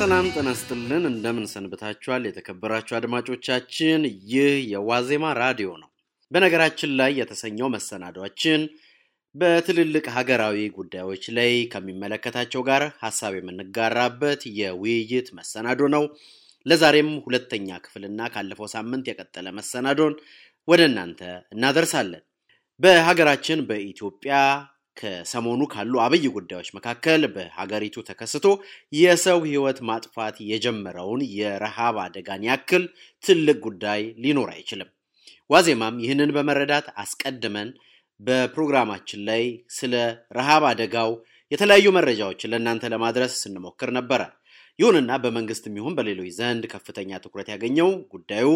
ሰላም ጤና እንደምን ሰንብታችኋል? የተከበራችሁ አድማጮቻችን፣ ይህ የዋዜማ ራዲዮ ነው። በነገራችን ላይ የተሰኘው መሰናዷችን በትልልቅ ሀገራዊ ጉዳዮች ላይ ከሚመለከታቸው ጋር ሀሳብ የምንጋራበት የውይይት መሰናዶ ነው። ለዛሬም ሁለተኛ ክፍልና ካለፈው ሳምንት የቀጠለ መሰናዶን ወደ እናንተ እናደርሳለን። በሀገራችን በኢትዮጵያ ከሰሞኑ ካሉ አብይ ጉዳዮች መካከል በሀገሪቱ ተከስቶ የሰው ህይወት ማጥፋት የጀመረውን የረሃብ አደጋን ያክል ትልቅ ጉዳይ ሊኖር አይችልም። ዋዜማም ይህንን በመረዳት አስቀድመን በፕሮግራማችን ላይ ስለ ረሃብ አደጋው የተለያዩ መረጃዎችን ለእናንተ ለማድረስ ስንሞክር ነበረ። ይሁንና በመንግስትም ይሁን በሌሎች ዘንድ ከፍተኛ ትኩረት ያገኘው ጉዳዩ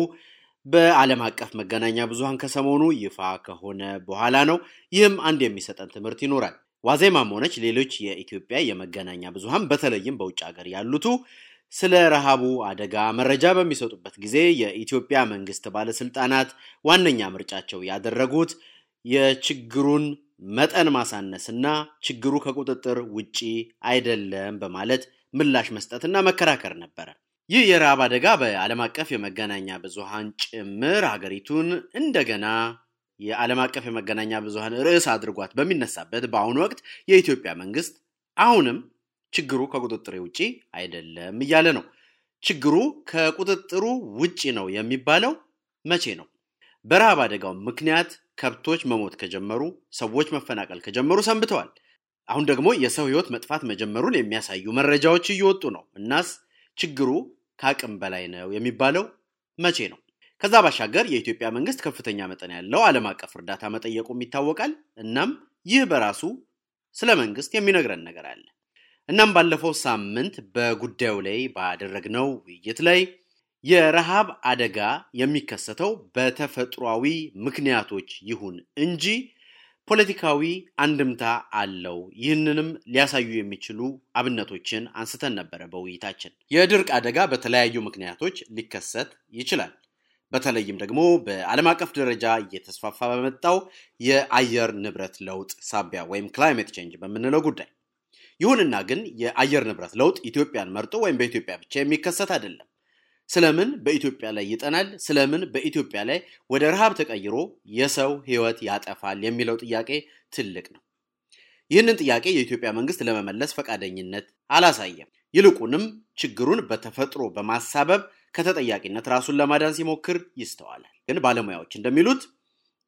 በዓለም አቀፍ መገናኛ ብዙሃን ከሰሞኑ ይፋ ከሆነ በኋላ ነው። ይህም አንድ የሚሰጠን ትምህርት ይኖራል። ዋዜማም ሆነች ሌሎች የኢትዮጵያ የመገናኛ ብዙሃን በተለይም በውጭ ሀገር ያሉቱ ስለ ረሃቡ አደጋ መረጃ በሚሰጡበት ጊዜ የኢትዮጵያ መንግስት ባለስልጣናት ዋነኛ ምርጫቸው ያደረጉት የችግሩን መጠን ማሳነስና ችግሩ ከቁጥጥር ውጪ አይደለም በማለት ምላሽ መስጠትና መከራከር ነበረ። ይህ የረሃብ አደጋ በዓለም አቀፍ የመገናኛ ብዙሃን ጭምር ሀገሪቱን እንደገና የዓለም አቀፍ የመገናኛ ብዙሃን ርዕስ አድርጓት በሚነሳበት በአሁኑ ወቅት የኢትዮጵያ መንግስት አሁንም ችግሩ ከቁጥጥር ውጪ አይደለም እያለ ነው። ችግሩ ከቁጥጥሩ ውጪ ነው የሚባለው መቼ ነው? በረሃብ አደጋው ምክንያት ከብቶች መሞት ከጀመሩ፣ ሰዎች መፈናቀል ከጀመሩ ሰንብተዋል። አሁን ደግሞ የሰው ህይወት መጥፋት መጀመሩን የሚያሳዩ መረጃዎች እየወጡ ነው። እናስ ችግሩ ከአቅም በላይ ነው የሚባለው መቼ ነው? ከዛ ባሻገር የኢትዮጵያ መንግስት ከፍተኛ መጠን ያለው ዓለም አቀፍ እርዳታ መጠየቁም ይታወቃል። እናም ይህ በራሱ ስለ መንግስት የሚነግረን ነገር አለ። እናም ባለፈው ሳምንት በጉዳዩ ላይ ባደረግነው ውይይት ላይ የረሃብ አደጋ የሚከሰተው በተፈጥሯዊ ምክንያቶች ይሁን እንጂ ፖለቲካዊ አንድምታ አለው። ይህንንም ሊያሳዩ የሚችሉ አብነቶችን አንስተን ነበረ በውይይታችን። የድርቅ አደጋ በተለያዩ ምክንያቶች ሊከሰት ይችላል። በተለይም ደግሞ በዓለም አቀፍ ደረጃ እየተስፋፋ በመጣው የአየር ንብረት ለውጥ ሳቢያ ወይም ክላይሜት ቼንጅ በምንለው ጉዳይ። ይሁንና ግን የአየር ንብረት ለውጥ ኢትዮጵያን መርጦ ወይም በኢትዮጵያ ብቻ የሚከሰት አይደለም። ስለምን በኢትዮጵያ ላይ ይጠናል? ስለምን በኢትዮጵያ ላይ ወደ ረሃብ ተቀይሮ የሰው ህይወት ያጠፋል የሚለው ጥያቄ ትልቅ ነው። ይህንን ጥያቄ የኢትዮጵያ መንግስት ለመመለስ ፈቃደኝነት አላሳየም። ይልቁንም ችግሩን በተፈጥሮ በማሳበብ ከተጠያቂነት ራሱን ለማዳን ሲሞክር ይስተዋላል። ግን ባለሙያዎች እንደሚሉት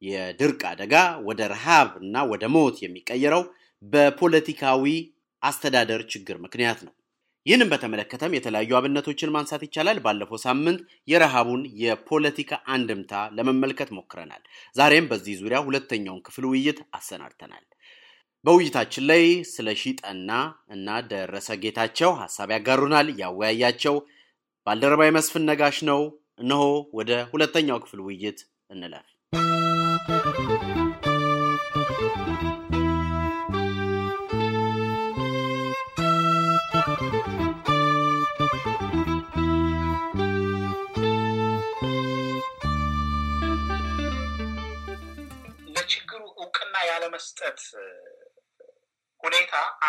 የድርቅ አደጋ ወደ ረሃብ እና ወደ ሞት የሚቀየረው በፖለቲካዊ አስተዳደር ችግር ምክንያት ነው። ይህንም በተመለከተም የተለያዩ አብነቶችን ማንሳት ይቻላል። ባለፈው ሳምንት የረሃቡን የፖለቲካ አንድምታ ለመመልከት ሞክረናል። ዛሬም በዚህ ዙሪያ ሁለተኛውን ክፍል ውይይት አሰናድተናል። በውይይታችን ላይ ስለ ሺጠና እና ደረሰ ጌታቸው ሀሳብ ያጋሩናል። ያወያያቸው ባልደረባ መስፍን ነጋሽ ነው። እነሆ ወደ ሁለተኛው ክፍል ውይይት እንለፍ።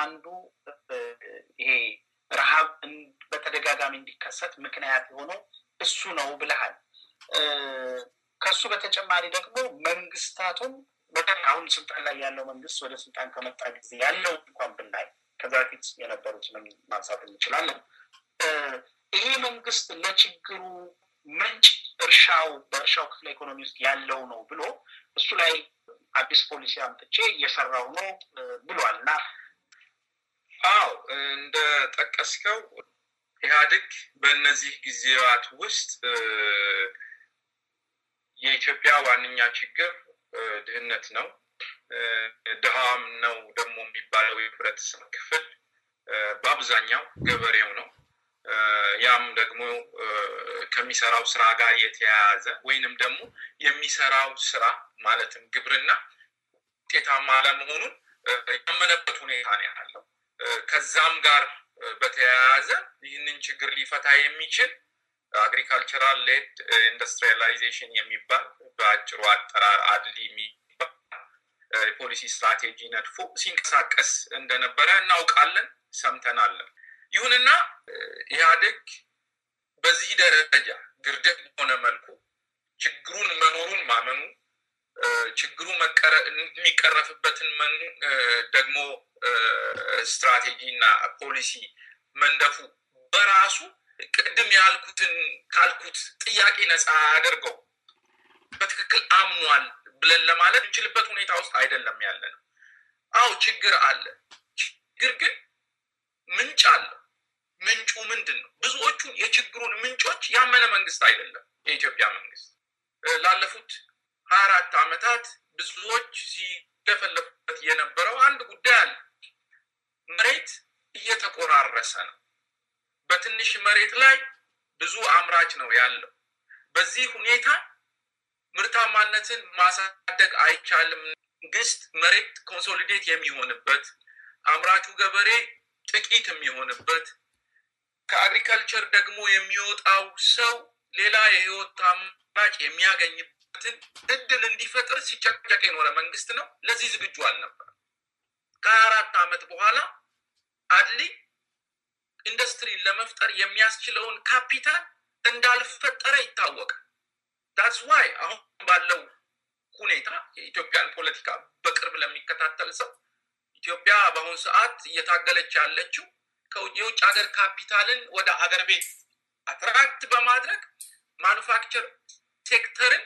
አንዱ ይሄ ረሃብ በተደጋጋሚ እንዲከሰት ምክንያት የሆነው እሱ ነው ብለሃል። ከሱ በተጨማሪ ደግሞ መንግስታቱም በተለይ አሁን ስልጣን ላይ ያለው መንግስት ወደ ስልጣን ከመጣ ጊዜ ያለው እንኳን ብናይ ከዛ በፊት የነበሩትንም ማንሳት እንችላለን። ይሄ መንግስት ለችግሩ ምንጭ እርሻው በእርሻው ክፍለ ኢኮኖሚ ውስጥ ያለው ነው ብሎ እሱ ላይ አዲስ ፖሊሲ አምጥቼ እየሰራው ነው ብሏል እና እንደጠቀስከው ኢህአዴግ በእነዚህ ጊዜያት ውስጥ የኢትዮጵያ ዋነኛ ችግር ድህነት ነው። ድሃም ነው ደግሞ የሚባለው የህብረተሰብ ክፍል በአብዛኛው ገበሬው ነው። ያም ደግሞ ከሚሰራው ስራ ጋር የተያያዘ ወይንም ደግሞ የሚሰራው ስራ ማለትም ግብርና ውጤታማ አለመሆኑን ያመነበት ሁኔታ ነው ያለው። ከዛም ጋር በተያያዘ ይህንን ችግር ሊፈታ የሚችል አግሪካልቸራል ሌድ ኢንዱስትሪላይዜሽን የሚባል በአጭሩ አጠራር አድሊ የሚባል የፖሊሲ ስትራቴጂ ነድፎ ሲንቀሳቀስ እንደነበረ እናውቃለን፣ ሰምተናለን። ይሁንና ኢህአዴግ በዚህ ደረጃ ግርደት በሆነ መልኩ ችግሩን መኖሩን ማመኑ ችግሩ የሚቀረፍበትን ደግሞ ስትራቴጂ እና ፖሊሲ መንደፉ በራሱ ቅድም ያልኩትን ካልኩት ጥያቄ ነፃ አድርገው በትክክል አምኗል ብለን ለማለት እንችልበት ሁኔታ ውስጥ አይደለም ያለ ነው። አው ችግር አለ። ችግር ግን ምንጭ አለው። ምንጩ ምንድን ነው? ብዙዎቹን የችግሩን ምንጮች ያመነ መንግስት አይደለም የኢትዮጵያ መንግስት ላለፉት ሀያ አራት ዓመታት ብዙዎች ሲገፈለፉበት የነበረው አንድ ጉዳይ አለ። መሬት እየተቆራረሰ ነው። በትንሽ መሬት ላይ ብዙ አምራች ነው ያለው። በዚህ ሁኔታ ምርታማነትን ማሳደግ አይቻልም። መንግስት መሬት ኮንሶሊዴት የሚሆንበት አምራቹ ገበሬ ጥቂት የሚሆንበት ከአግሪካልቸር ደግሞ የሚወጣው ሰው ሌላ የህይወት አማራጭ የሚያገኝበት እድል እንዲፈጥር ሲጨቀጨቅ የኖረ መንግስት ነው። ለዚህ ዝግጁ አልነበር። ከአራት አራት ዓመት በኋላ አድሊ ኢንዱስትሪን ለመፍጠር የሚያስችለውን ካፒታል እንዳልፈጠረ ይታወቃል። ዳትስ ዋይ አሁን ባለው ሁኔታ የኢትዮጵያን ፖለቲካ በቅርብ ለሚከታተል ሰው ኢትዮጵያ በአሁኑ ሰዓት እየታገለች ያለችው የውጭ ሀገር ካፒታልን ወደ ሀገር ቤት አትራክት በማድረግ ማኑፋክቸር ሴክተርን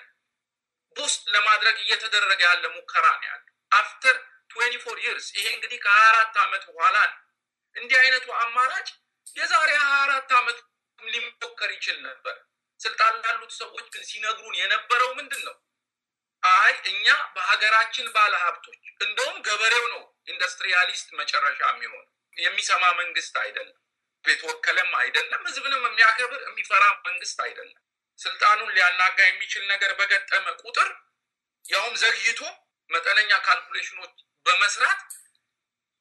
ቡስት ለማድረግ እየተደረገ ያለ ሙከራ ነው ያለ አፍተር ትዌንቲ ፎር ይርስ ይሄ እንግዲህ ከሀያ አራት ዓመት በኋላ ነው። እንዲህ አይነቱ አማራጭ የዛሬ ሀያ አራት ዓመት ሊሞከር ይችል ነበር። ስልጣን ላሉት ሰዎች ግን ሲነግሩን የነበረው ምንድን ነው? አይ እኛ በሀገራችን ባለሀብቶች፣ እንደውም ገበሬው ነው ኢንዱስትሪያሊስት መጨረሻ የሚሆን የሚሰማ መንግስት አይደለም፣ የተወከለም አይደለም፣ ህዝብንም የሚያከብር የሚፈራ መንግስት አይደለም። ስልጣኑን ሊያናጋ የሚችል ነገር በገጠመ ቁጥር ያውም ዘግይቶ መጠነኛ ካልኩሌሽኖች በመስራት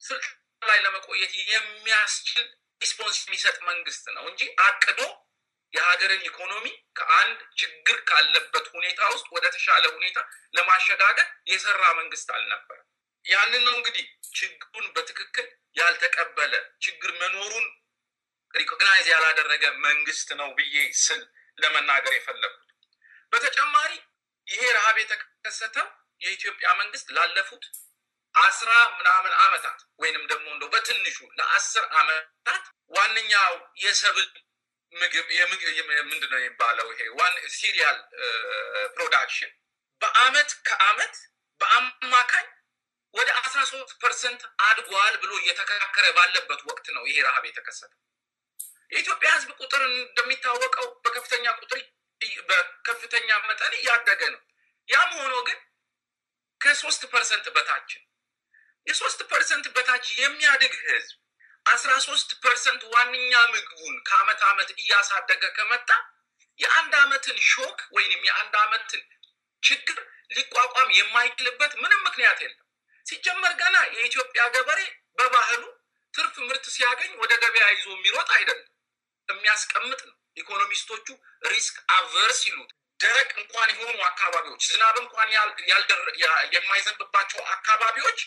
ስልጣን ላይ ለመቆየት የሚያስችል ሪስፖንስ የሚሰጥ መንግስት ነው እንጂ አቅዶ የሀገርን ኢኮኖሚ ከአንድ ችግር ካለበት ሁኔታ ውስጥ ወደ ተሻለ ሁኔታ ለማሸጋገር የሰራ መንግስት አልነበር። ያንን ነው እንግዲህ ችግሩን በትክክል ያልተቀበለ ችግር መኖሩን ሪኮግናይዝ ያላደረገ መንግስት ነው ብዬ ስል ለመናገር የፈለጉት። በተጨማሪ ይሄ ረሃብ የተከሰተው የኢትዮጵያ መንግስት ላለፉት አስራ ምናምን አመታት ወይንም ደግሞ እንደ በትንሹ ለአስር አመታት ዋነኛው የሰብል ምግብ ምንድን ነው የሚባለው ይሄ ዋን ሲሪያል ፕሮዳክሽን በአመት ከአመት በአማካኝ ወደ አስራ ሶስት ፐርሰንት አድጓል ብሎ እየተከራከረ ባለበት ወቅት ነው ይሄ ረሃብ የተከሰተው። የኢትዮጵያ ህዝብ ቁጥር እንደሚታወቀው በከፍተኛ ቁጥር በከፍተኛ መጠን እያደገ ነው። ያም ሆኖ ግን ከሶስት ፐርሰንት በታች የሶስት ፐርሰንት በታች የሚያድግ ህዝብ አስራ ሶስት ፐርሰንት ዋነኛ ምግቡን ከአመት አመት እያሳደገ ከመጣ የአንድ አመትን ሾክ ወይም የአንድ አመትን ችግር ሊቋቋም የማይችልበት ምንም ምክንያት የለም። ሲጀመር ገና የኢትዮጵያ ገበሬ በባህሉ ትርፍ ምርት ሲያገኝ ወደ ገበያ ይዞ የሚሮጥ አይደለም። የሚያስቀምጥ ነው። ኢኮኖሚስቶቹ ሪስክ አቨርስ ይሉት ደረቅ እንኳን የሆኑ አካባቢዎች ዝናብ እንኳን የማይዘንብባቸው አካባቢዎች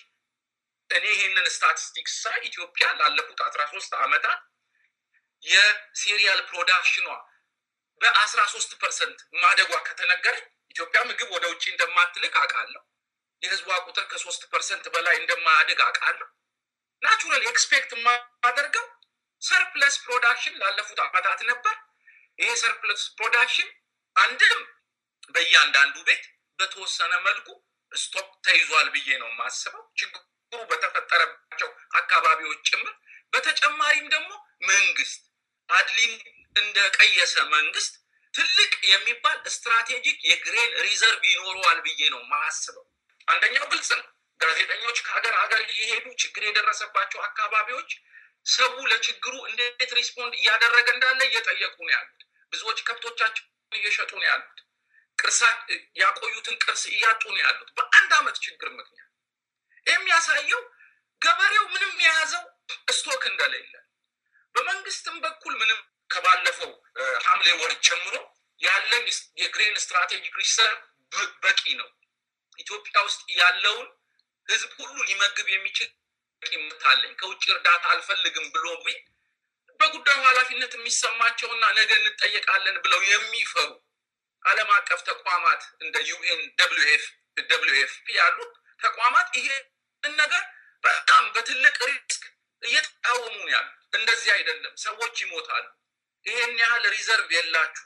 እኔ ይሄንን ስታቲስቲክ ሳይ ኢትዮጵያ ላለፉት አስራ ሶስት ዓመታት የሲሪያል ፕሮዳክሽኗ በአስራ ሶስት ፐርሰንት ማደጓ ከተነገረ ኢትዮጵያ ምግብ ወደ ውጭ እንደማትልክ አውቃለሁ። የህዝቧ ቁጥር ከሶስት ፐርሰንት በላይ እንደማያድግ አውቃለሁ። ናቹራል ኤክስፔክት የማደርገው ሰርፕለስ ፕሮዳክሽን ላለፉት አመታት ነበር። ይሄ ሰርፕለስ ፕሮዳክሽን አንድም በእያንዳንዱ ቤት በተወሰነ መልኩ ስቶክ ተይዟል ብዬ ነው የማስበው፣ ችግሩ በተፈጠረባቸው አካባቢዎች ጭምር። በተጨማሪም ደግሞ መንግስት አድሊን እንደቀየሰ መንግስት ትልቅ የሚባል ስትራቴጂክ የግሬን ሪዘርቭ ይኖረዋል ብዬ ነው ማስበው አንደኛው ግልጽ ነው። ጋዜጠኞች ከሀገር ሀገር እየሄዱ ችግር የደረሰባቸው አካባቢዎች ሰው ለችግሩ እንዴት ሪስፖንድ እያደረገ እንዳለ እየጠየቁ ነው ያሉት። ብዙዎች ከብቶቻቸውን እየሸጡ ነው ያሉት። ቅርሳ ያቆዩትን ቅርስ እያጡ ነው ያሉት በአንድ ዓመት ችግር ምክንያት። የሚያሳየው ገበሬው ምንም የያዘው ስቶክ እንደሌለ፣ በመንግስትም በኩል ምንም ከባለፈው ሐምሌ ወር ጀምሮ ያለን የግሬን ስትራቴጂክ ሪሰርቭ በቂ ነው። ኢትዮጵያ ውስጥ ያለውን ህዝብ ሁሉ ሊመግብ የሚችል ይመታለኝ ከውጭ እርዳታ አልፈልግም ብሎ በጉዳዩ ኃላፊነት የሚሰማቸውና ነገ እንጠየቃለን ብለው የሚፈሩ ዓለም አቀፍ ተቋማት እንደ ዩኤን ደብሊው ኤፍፒ ያሉ ተቋማት ይሄን ነገር በጣም በትልቅ ሪስክ እየተቃወሙ ያሉ እንደዚህ አይደለም፣ ሰዎች ይሞታሉ፣ ይሄን ያህል ሪዘርቭ የላችሁ፣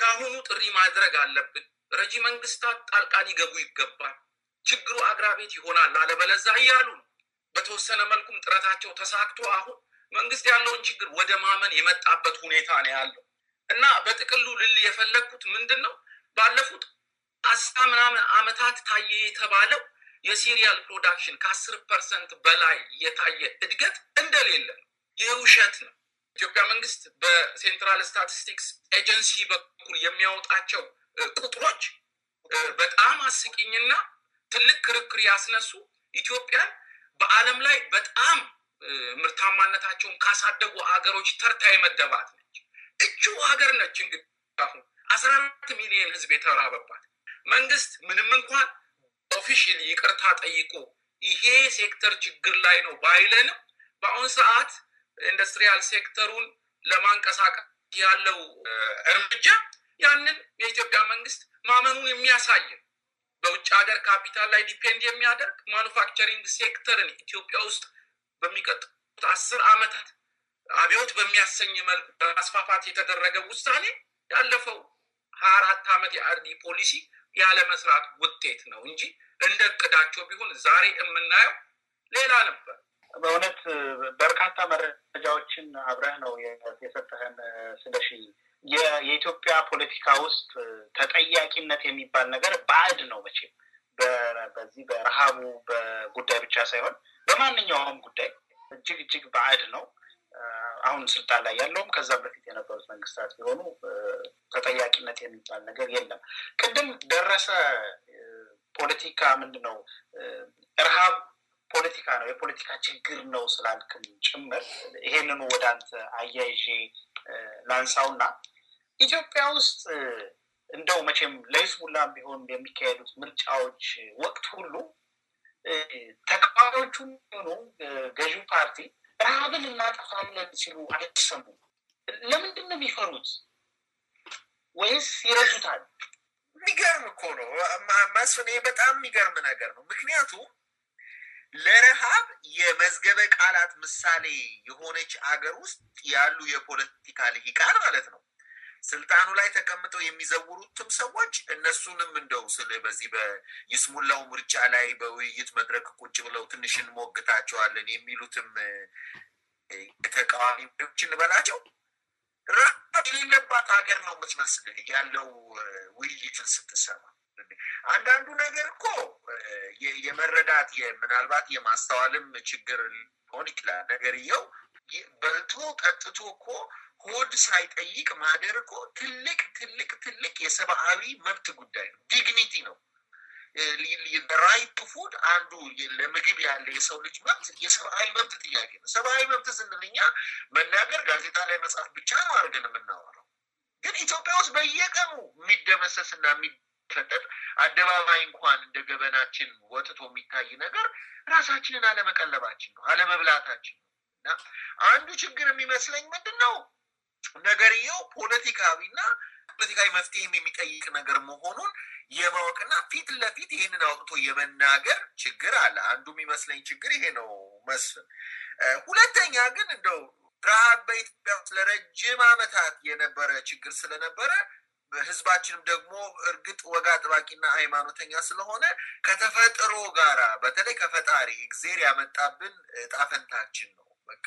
ከአሁኑ ጥሪ ማድረግ አለብን። ረጂ መንግስታት ጣልቃ ሊገቡ ይገባል፣ ችግሩ አግራቤት ይሆናል፣ አለበለዛ እያሉ ነው። በተወሰነ መልኩም ጥረታቸው ተሳክቶ አሁን መንግስት ያለውን ችግር ወደ ማመን የመጣበት ሁኔታ ነው ያለው እና በጥቅሉ ልል የፈለግኩት ምንድን ነው ባለፉት አስራ ምናምን አመታት ታየ የተባለው የሲሪያል ፕሮዳክሽን ከአስር ፐርሰንት በላይ የታየ እድገት እንደሌለ የውሸት ውሸት ነው። ኢትዮጵያ መንግስት በሴንትራል ስታቲስቲክስ ኤጀንሲ በኩል የሚያወጣቸው ቁጥሮች በጣም አስቂኝና ትልቅ ክርክር ያስነሱ ኢትዮጵያን በዓለም ላይ በጣም ምርታማነታቸውን ካሳደጉ ሀገሮች ተርታ የመደባት ነች። እቹ ሀገር ነች እንግዲህ አሁን አስራ አራት ሚሊዮን ህዝብ የተራበባት መንግስት ምንም እንኳን ኦፊሽል ይቅርታ ጠይቆ ይሄ ሴክተር ችግር ላይ ነው ባይለንም በአሁን ሰዓት ኢንዱስትሪያል ሴክተሩን ለማንቀሳቀስ ያለው እርምጃ ያንን የኢትዮጵያ መንግስት ማመኑን የሚያሳይ በውጭ ሀገር ካፒታል ላይ ዲፔንድ የሚያደርግ ማኑፋክቸሪንግ ሴክተርን ኢትዮጵያ ውስጥ በሚቀጥሉት አስር አመታት አብዮት በሚያሰኝ መልኩ በማስፋፋት የተደረገ ውሳኔ ያለፈው ሀያ አራት አመት የአርዲ ፖሊሲ ያለመስራት ውጤት ነው እንጂ እንደ እቅዳቸው ቢሆን ዛሬ የምናየው ሌላ ነበር። በእውነት በርካታ መረጃዎችን አብረህ ነው የሰጠህን ስለሺ የኢትዮጵያ ፖለቲካ ውስጥ ተጠያቂነት የሚባል ነገር ባዕድ ነው መቼም በዚህ በረሃቡ በጉዳይ ብቻ ሳይሆን በማንኛውም ጉዳይ እጅግ እጅግ ባዕድ ነው። አሁን ስልጣን ላይ ያለውም ከዛም በፊት የነበሩት መንግስታት ቢሆኑ ተጠያቂነት የሚባል ነገር የለም። ቅድም ደረሰ ፖለቲካ ምንድነው ረሃብ ፖለቲካ ነው የፖለቲካ ችግር ነው ስላልክም ጭምር ይሄንኑ ወደ አንተ አያይዤ ላንሳውና ኢትዮጵያ ውስጥ እንደው መቼም ለይስሙላም ቢሆን የሚካሄዱት ምርጫዎች ወቅት ሁሉ ተቃዋሚዎቹ ሆኑ ገዢው ፓርቲ ረሃብን እናጠፋለን ሲሉ አይሰሙም። ለምንድን ነው የሚፈሩት? ወይስ ይረሱታል? የሚገርም እኮ ነው መስፍን፣ በጣም የሚገርም ነገር ነው። ምክንያቱም ለረሃብ የመዝገበ ቃላት ምሳሌ የሆነች አገር ውስጥ ያሉ የፖለቲካ ልሂቃን ማለት ነው ስልጣኑ ላይ ተቀምጠው የሚዘውሩትም ሰዎች እነሱንም እንደው ስል በዚህ በይስሙላው ምርጫ ላይ በውይይት መድረክ ቁጭ ብለው ትንሽ እንሞግታቸዋለን የሚሉትም ተቃዋሚ መሪዎች እንበላቸው ራቅ የሌለባት ሀገር ነው የምትመስልህ ያለው ውይይትን ስትሰማ አንዳንዱ ነገር እኮ የመረዳት ምናልባት የማስተዋልም ችግር ሊሆን ይችላል። ነገር ነገርየው በልቶ ጠጥቶ እኮ ሆድ ሳይጠይቅ ማደር እኮ ትልቅ ትልቅ ትልቅ የሰብአዊ መብት ጉዳይ ነው። ዲግኒቲ ነው። ራይት ፉድ አንዱ ለምግብ ያለ የሰው ልጅ መብት የሰብአዊ መብት ጥያቄ ነው። ሰብአዊ መብት ስንል እኛ መናገር፣ ጋዜጣ ላይ መጽሐፍ ብቻ ነው አድርገን የምናወራው። ግን ኢትዮጵያ ውስጥ በየቀኑ የሚደመሰስ እና የሚፈጠጥ አደባባይ እንኳን እንደ ገበናችን ወጥቶ የሚታይ ነገር ራሳችንን አለመቀለባችን ነው፣ አለመብላታችን ነው። እና አንዱ ችግር የሚመስለኝ ምንድን ነው ነገርየው ፖለቲካዊና ፖለቲካዊ መፍትሄም የሚጠይቅ ነገር መሆኑን የማወቅና ፊት ለፊት ይህንን አውጥቶ የመናገር ችግር አለ። አንዱ የሚመስለኝ ችግር ይሄ ነው መስፍን። ሁለተኛ ግን እንደው ረሃብ በኢትዮጵያ ውስጥ ለረጅም አመታት የነበረ ችግር ስለነበረ ህዝባችንም ደግሞ እርግጥ ወጋ ጥባቂና ሃይማኖተኛ ስለሆነ ከተፈጥሮ ጋራ በተለይ ከፈጣሪ እግዜር ያመጣብን ጣፈንታችን ነው በቃ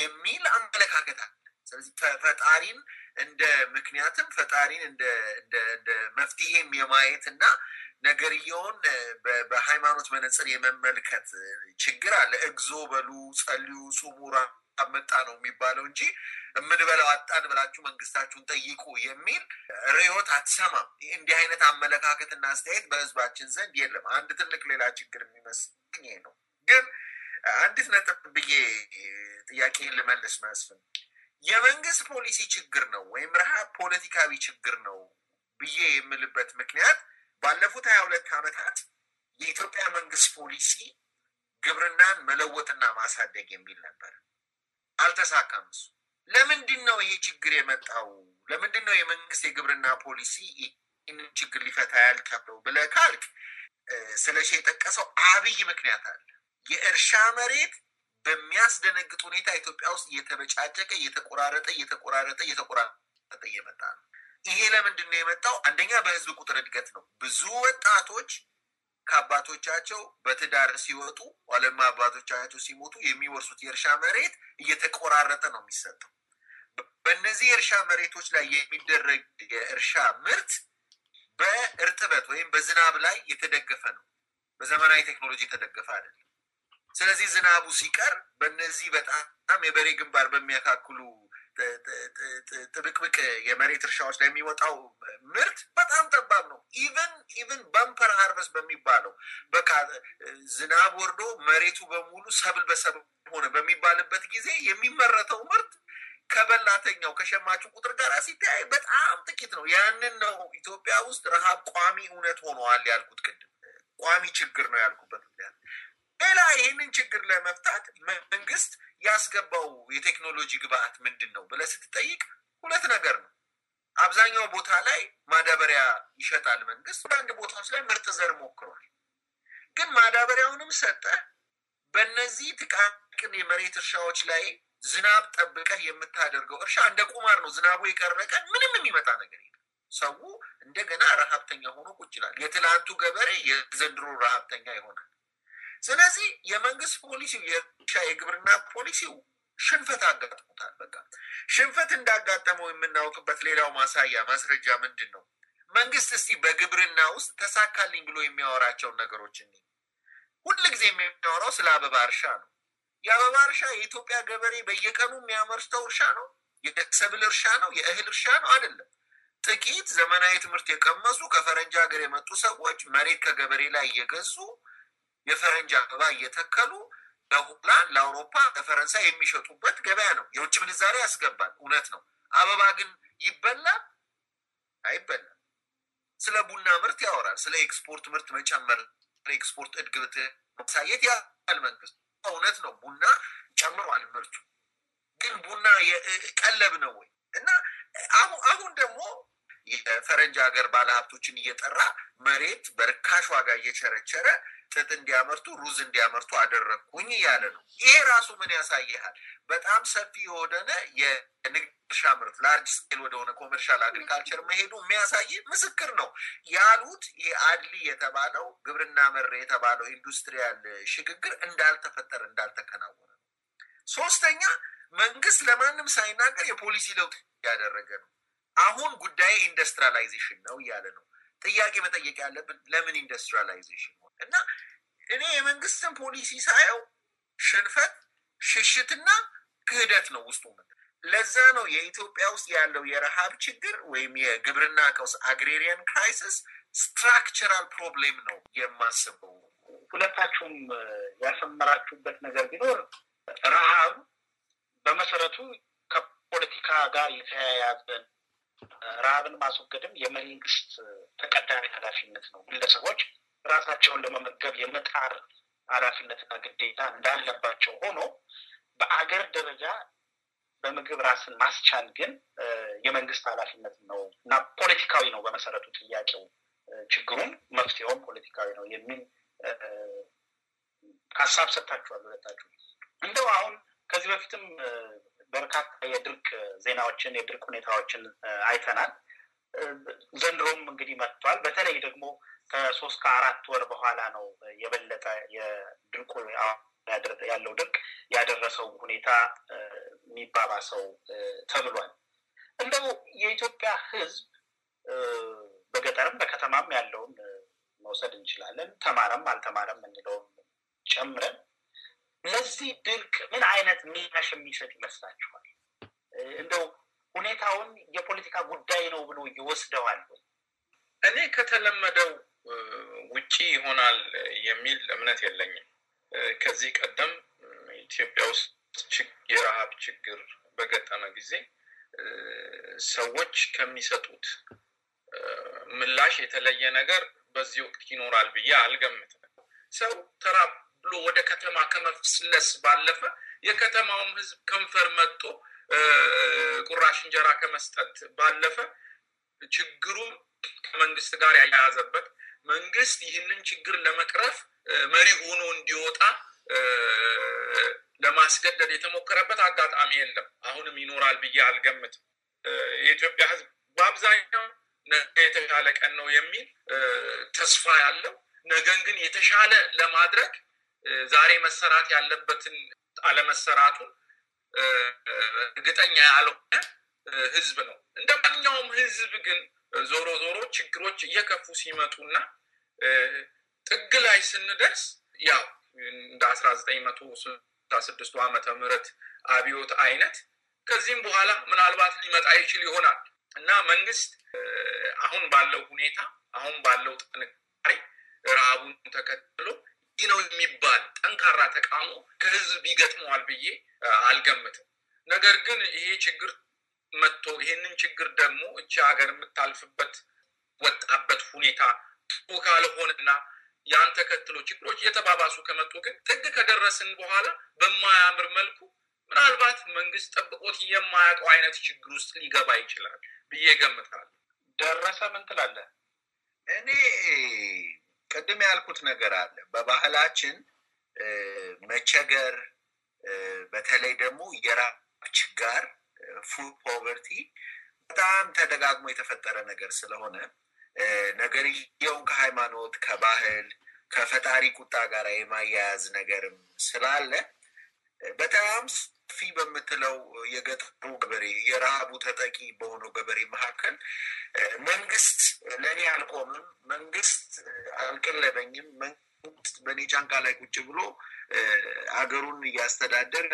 የሚል አመለካከታ። ስለዚህ ፈጣሪን እንደ ምክንያትም ፈጣሪን እንደ መፍትሄም የማየት እና ነገርየውን በሃይማኖት መነጽር የመመልከት ችግር አለ። እግዞ በሉ፣ ጸልዩ፣ ጹሙራ አመጣ መጣ ነው የሚባለው እንጂ የምንበለው አጣን ብላችሁ መንግስታችሁን ጠይቁ የሚል ርዕዮት አትሰማም። እንዲህ አይነት አመለካከትና አስተያየት በህዝባችን ዘንድ የለም። አንድ ትልቅ ሌላ ችግር የሚመስለኝ ነው። ግን አንዲት ነጥብ ብዬ ጥያቄ ልመልስ መስፍን የመንግስት ፖሊሲ ችግር ነው ወይም ረሃብ ፖለቲካዊ ችግር ነው ብዬ የምልበት ምክንያት ባለፉት ሀያ ሁለት ዓመታት የኢትዮጵያ መንግስት ፖሊሲ ግብርናን መለወጥና ማሳደግ የሚል ነበር። አልተሳካም። እሱ ለምንድን ነው ይሄ ችግር የመጣው? ለምንድን ነው የመንግስት የግብርና ፖሊሲ ይህንን ችግር ሊፈታ ያልቻለው ብለህ ካልክ ስለሺ የጠቀሰው አብይ ምክንያት አለ። የእርሻ መሬት በሚያስደነግጥ ሁኔታ ኢትዮጵያ ውስጥ እየተበጫጨቀ እየተቆራረጠ እየተቆራረጠ እየተቆራረጠ እየመጣ ነው። ይሄ ለምንድን ነው የመጣው? አንደኛ በህዝብ ቁጥር እድገት ነው። ብዙ ወጣቶች ከአባቶቻቸው በትዳር ሲወጡ ዋለማ አባቶቻቸው ሲሞቱ የሚወርሱት የእርሻ መሬት እየተቆራረጠ ነው የሚሰጠው። በእነዚህ የእርሻ መሬቶች ላይ የሚደረግ የእርሻ ምርት በእርጥበት ወይም በዝናብ ላይ የተደገፈ ነው። በዘመናዊ ቴክኖሎጂ የተደገፈ አይደለም። ስለዚህ ዝናቡ ሲቀር በነዚህ በጣም የበሬ ግንባር በሚያካክሉ ጥብቅብቅ የመሬት እርሻዎች ላይ የሚወጣው ምርት በጣም ጠባብ ነው። ኢቨን ኢቨን በምፐር ሃርቨስት በሚባለው በቃ ዝናብ ወርዶ መሬቱ በሙሉ ሰብል በሰብል ሆነ በሚባልበት ጊዜ የሚመረተው ምርት ከበላተኛው ከሸማቹ ቁጥር ጋር ሲተያይ በጣም ጥቂት ነው። ያንን ነው ኢትዮጵያ ውስጥ ረሃብ ቋሚ እውነት ሆነዋል ያልኩት ቅድም ቋሚ ችግር ነው ያልኩበት ምክንያት ሌላ ይህንን ችግር ለመፍታት መንግስት ያስገባው የቴክኖሎጂ ግብአት ምንድን ነው ብለ ስትጠይቅ ሁለት ነገር ነው። አብዛኛው ቦታ ላይ ማዳበሪያ ይሸጣል መንግስት። በአንድ ቦታዎች ላይ ምርጥ ዘር ሞክሯል። ግን ማዳበሪያውንም ሰጠ። በእነዚህ ጥቃቅን የመሬት እርሻዎች ላይ ዝናብ ጠብቀህ የምታደርገው እርሻ እንደ ቁማር ነው። ዝናቡ የቀረቀ ምንም የሚመጣ ነገር የለም። ሰው እንደገና ረሀብተኛ ሆኖ ቁጭ የትላንቱ ገበሬ የዘንድሮ ረሀብተኛ ይሆናል። ስለዚህ የመንግስት ፖሊሲው የሻ የግብርና ፖሊሲው ሽንፈት አጋጥሞታል። በቃ ሽንፈት እንዳጋጠመው የምናውቅበት ሌላው ማሳያ ማስረጃ ምንድን ነው? መንግስት እስቲ በግብርና ውስጥ ተሳካልኝ ብሎ የሚያወራቸውን ነገሮች እኒ ጊዜ የሚያወራው ስለ አበባ እርሻ ነው። የአበባ እርሻ የኢትዮጵያ ገበሬ በየቀኑ የሚያመርተው እርሻ ነው። የሰብል እርሻ ነው። የእህል እርሻ ነው አይደለም። ጥቂት ዘመናዊ ትምህርት የቀመሱ ከፈረንጅ ሀገር የመጡ ሰዎች መሬት ከገበሬ ላይ እየገዙ የፈረንጅ አበባ እየተከሉ ለሁላ ለአውሮፓ ለፈረንሳይ የሚሸጡበት ገበያ ነው። የውጭ ምንዛሬ ያስገባል፣ እውነት ነው። አበባ ግን ይበላል አይበላል። ስለ ቡና ምርት ያወራል፣ ስለ ኤክስፖርት ምርት መጨመር፣ ኤክስፖርት እድግብት ማሳየት ያል መንግስት እውነት ነው። ቡና ጨምሯል ምርቱ ግን ቡና ቀለብ ነው ወይ? እና አሁን ደግሞ የፈረንጅ ሀገር ባለሀብቶችን እየጠራ መሬት በርካሽ ዋጋ እየቸረቸረ ጥጥ እንዲያመርቱ፣ ሩዝ እንዲያመርቱ አደረግኩኝ እያለ ነው። ይሄ ራሱ ምን ያሳይሃል? በጣም ሰፊ የሆነ የንግድ እርሻ ምርት ላርጅ ስኬል ወደሆነ ኮመርሻል አግሪካልቸር መሄዱ የሚያሳይ ምስክር ነው ያሉት። ይሄ አድሊ የተባለው ግብርና መር የተባለው ኢንዱስትሪያል ሽግግር እንዳልተፈጠረ እንዳልተከናወነ ነው። ሶስተኛ መንግስት ለማንም ሳይናገር የፖሊሲ ለውጥ ያደረገ ነው። አሁን ጉዳይ ኢንዱስትሪላይዜሽን ነው እያለ ነው። ጥያቄ መጠየቅ ያለብን ለምን ኢንዱስትሪያላይዜሽን እና እኔ የመንግስትን ፖሊሲ ሳየው ሽንፈት፣ ሽሽትና ክህደት ነው ውስጡ። ለዛ ነው የኢትዮጵያ ውስጥ ያለው የረሃብ ችግር ወይም የግብርና ቀውስ አግሬሪያን ክራይሲስ ስትራክቸራል ፕሮብሌም ነው የማስበው። ሁለታችሁም ያሰመራችሁበት ነገር ቢኖር ረሃብ በመሰረቱ ከፖለቲካ ጋር የተያያዘን ረሃብን ማስወገድም የመንግስት ተቀዳሚ ኃላፊነት ነው። ግለሰቦች ራሳቸውን ለመመገብ የመጣር ኃላፊነትና ግዴታ እንዳለባቸው ሆኖ በአገር ደረጃ በምግብ ራስን ማስቻል ግን የመንግስት ኃላፊነት ነው እና ፖለቲካዊ ነው በመሰረቱ ጥያቄው፣ ችግሩም መፍትሄውም ፖለቲካዊ ነው የሚል ሀሳብ ሰጥታችኋል ሁለታችሁ። እንደው አሁን ከዚህ በፊትም በርካታ የድርቅ ዜናዎችን የድርቅ ሁኔታዎችን አይተናል። ዘንድሮም እንግዲህ መጥቷል። በተለይ ደግሞ ከሶስት ከአራት ወር በኋላ ነው የበለጠ የድርቁ ያለው ድርቅ ያደረሰው ሁኔታ የሚባባሰው ተብሏል። እንደው የኢትዮጵያ ሕዝብ በገጠርም በከተማም ያለውን መውሰድ እንችላለን። ተማረም አልተማረም እንለውን ጨምረን ለዚህ ድርቅ ምን አይነት ምላሽ የሚሰጥ ይመስላችኋል? እንደው ሁኔታውን የፖለቲካ ጉዳይ ነው ብሎ ይወስደዋል? እኔ ከተለመደው ውጪ ይሆናል የሚል እምነት የለኝም። ከዚህ ቀደም ኢትዮጵያ ውስጥ የረሃብ ችግር በገጠመ ጊዜ ሰዎች ከሚሰጡት ምላሽ የተለየ ነገር በዚህ ወቅት ይኖራል ብዬ አልገምትም። ሰው ተራ ብሎ ወደ ከተማ ከመፍስለስ ባለፈ የከተማውም ሕዝብ ከንፈር መጦ ቁራሽ እንጀራ ከመስጠት ባለፈ ችግሩ ከመንግስት ጋር ያያያዘበት መንግስት ይህንን ችግር ለመቅረፍ መሪ ሆኖ እንዲወጣ ለማስገደድ የተሞከረበት አጋጣሚ የለም። አሁንም ይኖራል ብዬ አልገምትም። የኢትዮጵያ ሕዝብ በአብዛኛው ነገ የተሻለ ቀን ነው የሚል ተስፋ ያለው ነገን ግን የተሻለ ለማድረግ ዛሬ መሰራት ያለበትን አለመሰራቱን እርግጠኛ ያልሆነ ሕዝብ ነው። እንደ ማንኛውም ሕዝብ ግን ዞሮ ዞሮ ችግሮች እየከፉ ሲመጡና ጥግ ላይ ስንደርስ ያው እንደ አስራ ዘጠኝ መቶ ስልሳ ስድስቱ ዓመተ ምህረት አብዮት አይነት ከዚህም በኋላ ምናልባት ሊመጣ ይችል ይሆናል እና መንግስት አሁን ባለው ሁኔታ አሁን ባለው ጥንካሬ ረሃቡን ተከትሎ ይህ ነው የሚባል ጠንካራ ተቃውሞ ከህዝብ ይገጥመዋል ብዬ አልገምትም። ነገር ግን ይሄ ችግር መጥቶ ይሄንን ችግር ደግሞ እቺ ሀገር የምታልፍበት ወጣበት ሁኔታ ጥሩ ካልሆነና ያን ተከትሎ ችግሮች እየተባባሱ ከመጡ ግን ጥግ ከደረስን በኋላ በማያምር መልኩ ምናልባት መንግስት ጠብቆት የማያውቀው አይነት ችግር ውስጥ ሊገባ ይችላል ብዬ ገምታል። ደረሰ ምን ትላለ? እኔ ቅድም ያልኩት ነገር አለ። በባህላችን መቸገር፣ በተለይ ደግሞ የራብ ችጋር ፉል ፖቨርቲ በጣም ተደጋግሞ የተፈጠረ ነገር ስለሆነ ነገርየውን ከሃይማኖት፣ ከባህል፣ ከፈጣሪ ቁጣ ጋር የማያያዝ ነገርም ስላለ በጣም ሰፊ በምትለው የገጠሩ ገበሬ የረሃቡ ተጠቂ በሆነው ገበሬ መካከል መንግስት ለእኔ አልቆምም፣ መንግስት አልቀለበኝም፣ መንግስት በእኔ ጫንቃ ላይ ቁጭ ብሎ አገሩን እያስተዳደረ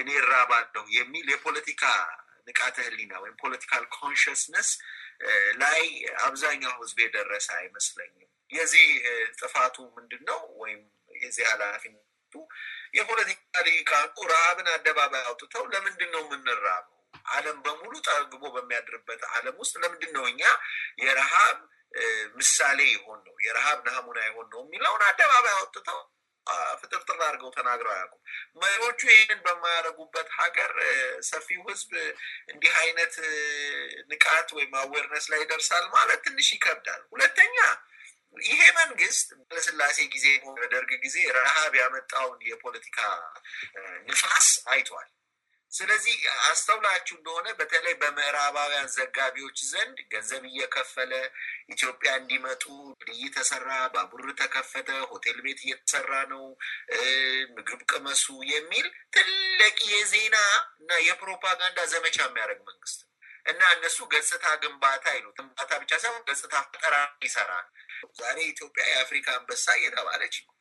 እኔ ራባት የሚል የፖለቲካ ንቃተ ህሊና ወይም ፖለቲካል ኮንሽስነስ ላይ አብዛኛው ህዝብ የደረሰ አይመስለኝም። የዚህ ጥፋቱ ምንድን ነው ወይም የዚህ ኃላፊነቱ የፖለቲካ ልሂቃኑ ረሃብን አደባባይ አውጥተው ለምንድን ነው የምንራበው? አለም በሙሉ ጠግቦ በሚያድርበት አለም ውስጥ ለምንድን ነው እኛ የረሃብ ምሳሌ የሆን ነው የረሃብ ናሙና የሆን ነው የሚለውን አደባባይ አውጥተው ፍጥርጥር አድርገው ተናግረው አያውቁም። መሪዎቹ ይህንን በማያደርጉበት ሀገር ሰፊው ህዝብ እንዲህ አይነት ንቃት ወይም አዌርነስ ላይ ይደርሳል ማለት ትንሽ ይከብዳል። ሁለተኛ ይሄ መንግስት ለስላሴ ጊዜ፣ ደርግ ጊዜ ረሃብ ያመጣውን የፖለቲካ ንፋስ አይቷል። ስለዚህ አስተውላችሁ እንደሆነ በተለይ በምዕራባውያን ዘጋቢዎች ዘንድ ገንዘብ እየከፈለ ኢትዮጵያ እንዲመጡ እየተሰራ ባቡር ተከፈተ፣ ሆቴል ቤት እየተሰራ ነው፣ ምግብ ቅመሱ የሚል ትልቅ የዜና እና የፕሮፓጋንዳ ዘመቻ የሚያደርግ መንግስት እና እነሱ ገጽታ ግንባታ ይሉት ግንባታ ብቻ ሳይሆን ገጽታ ፈጠራ ይሰራል። ዛሬ ኢትዮጵያ የአፍሪካ አንበሳ እየተባለች ነው።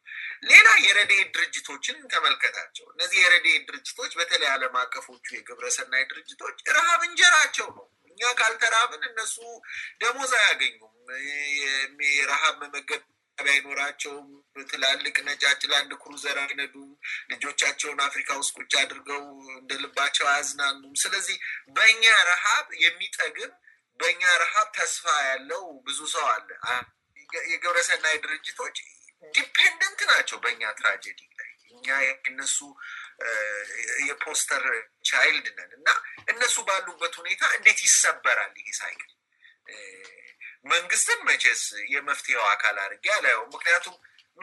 ሌላ የረድኤት ድርጅቶችን ተመልከታቸው። እነዚህ የረድኤት ድርጅቶች በተለይ አለም አቀፎቹ የግብረሰናይ ድርጅቶች ረሃብ እንጀራቸው ነው። እኛ ካልተራብን እነሱ ደሞዝ አያገኙም። የረሃብ መመገብ አይኖራቸውም። ትላልቅ ነጫጭ ለአንድ ክሩዘር አይነዱም። ልጆቻቸውን አፍሪካ ውስጥ ቁጭ አድርገው እንደልባቸው አያዝናኑም። ስለዚህ በእኛ ረሃብ የሚጠግም በእኛ ረሃብ ተስፋ ያለው ብዙ ሰው አለ። የግብረሰናይ ድርጅቶች ዲፔንደንት ናቸው በእኛ ትራጀዲ ላይ እኛ እነሱ የፖስተር ቻይልድ ነን እና እነሱ ባሉበት ሁኔታ እንዴት ይሰበራል ይሄ ሳይክል? መንግስትን መቼስ የመፍትሄው አካል አድርጌ አላየውም። ምክንያቱም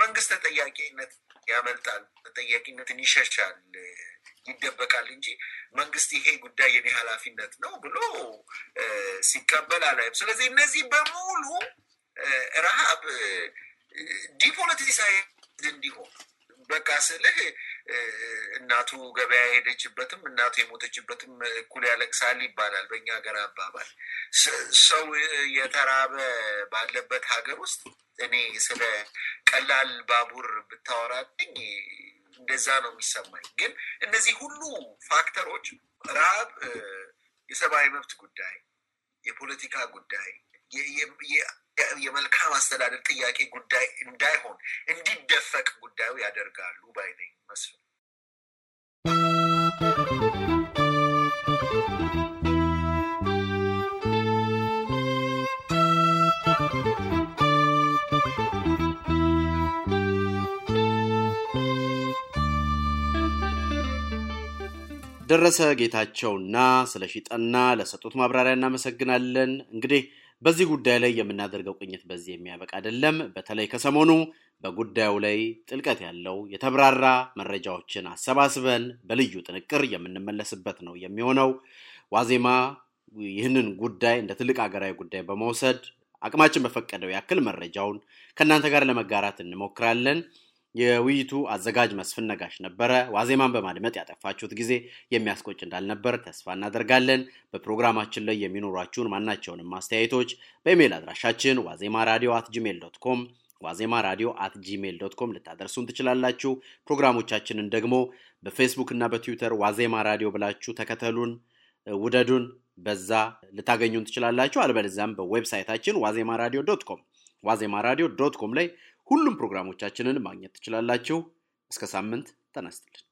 መንግስት ተጠያቂነት ያመልጣል፣ ተጠያቂነትን ይሸሻል፣ ይደበቃል እንጂ መንግስት ይሄ ጉዳይ የኔ ሀላፊነት ነው ብሎ ሲቀበል አላይም ስለዚህ እነዚህ በሙሉ ረሃብ ዲፖለቲሳይድ እንዲሆን በቃ ስልህ እናቱ ገበያ የሄደችበትም እናቱ የሞተችበትም እኩል ያለቅሳል ይባላል በእኛ ሀገር አባባል። ሰው የተራበ ባለበት ሀገር ውስጥ እኔ ስለ ቀላል ባቡር ብታወራልኝ እንደዛ ነው የሚሰማኝ። ግን እነዚህ ሁሉ ፋክተሮች ራብ የሰብአዊ መብት ጉዳይ፣ የፖለቲካ ጉዳይ የመልካም አስተዳደር ጥያቄ ጉዳይ እንዳይሆን እንዲደፈቅ ጉዳዩ ያደርጋሉ ባይነኝ መስሉ ደረሰ ጌታቸውና ስለ ሽጠና ለሰጡት ማብራሪያ እናመሰግናለን። እንግዲህ በዚህ ጉዳይ ላይ የምናደርገው ቅኝት በዚህ የሚያበቅ አይደለም። በተለይ ከሰሞኑ በጉዳዩ ላይ ጥልቀት ያለው የተብራራ መረጃዎችን አሰባስበን በልዩ ጥንቅር የምንመለስበት ነው የሚሆነው። ዋዜማ ይህንን ጉዳይ እንደ ትልቅ ሀገራዊ ጉዳይ በመውሰድ አቅማችን በፈቀደው ያክል መረጃውን ከእናንተ ጋር ለመጋራት እንሞክራለን። የውይይቱ አዘጋጅ መስፍን ነጋሽ ነበረ። ዋዜማን በማድመጥ ያጠፋችሁት ጊዜ የሚያስቆጭ እንዳልነበር ተስፋ እናደርጋለን። በፕሮግራማችን ላይ የሚኖሯችሁን ማናቸውንም አስተያየቶች በኢሜይል አድራሻችን ዋዜማ ራዲዮ አት ጂሜል ዶት ኮም ዋዜማ ራዲዮ አት ጂሜል ዶት ኮም ልታደርሱን ትችላላችሁ። ፕሮግራሞቻችንን ደግሞ በፌስቡክ እና በትዊተር ዋዜማ ራዲዮ ብላችሁ ተከተሉን፣ ውደዱን። በዛ ልታገኙን ትችላላችሁ። አልበለዚያም በዌብሳይታችን ዋዜማ ራዲዮ ዶት ኮም ዋዜማ ራዲዮ ዶት ኮም ላይ ሁሉም ፕሮግራሞቻችንን ማግኘት ትችላላችሁ። እስከ ሳምንት ተነስትልን።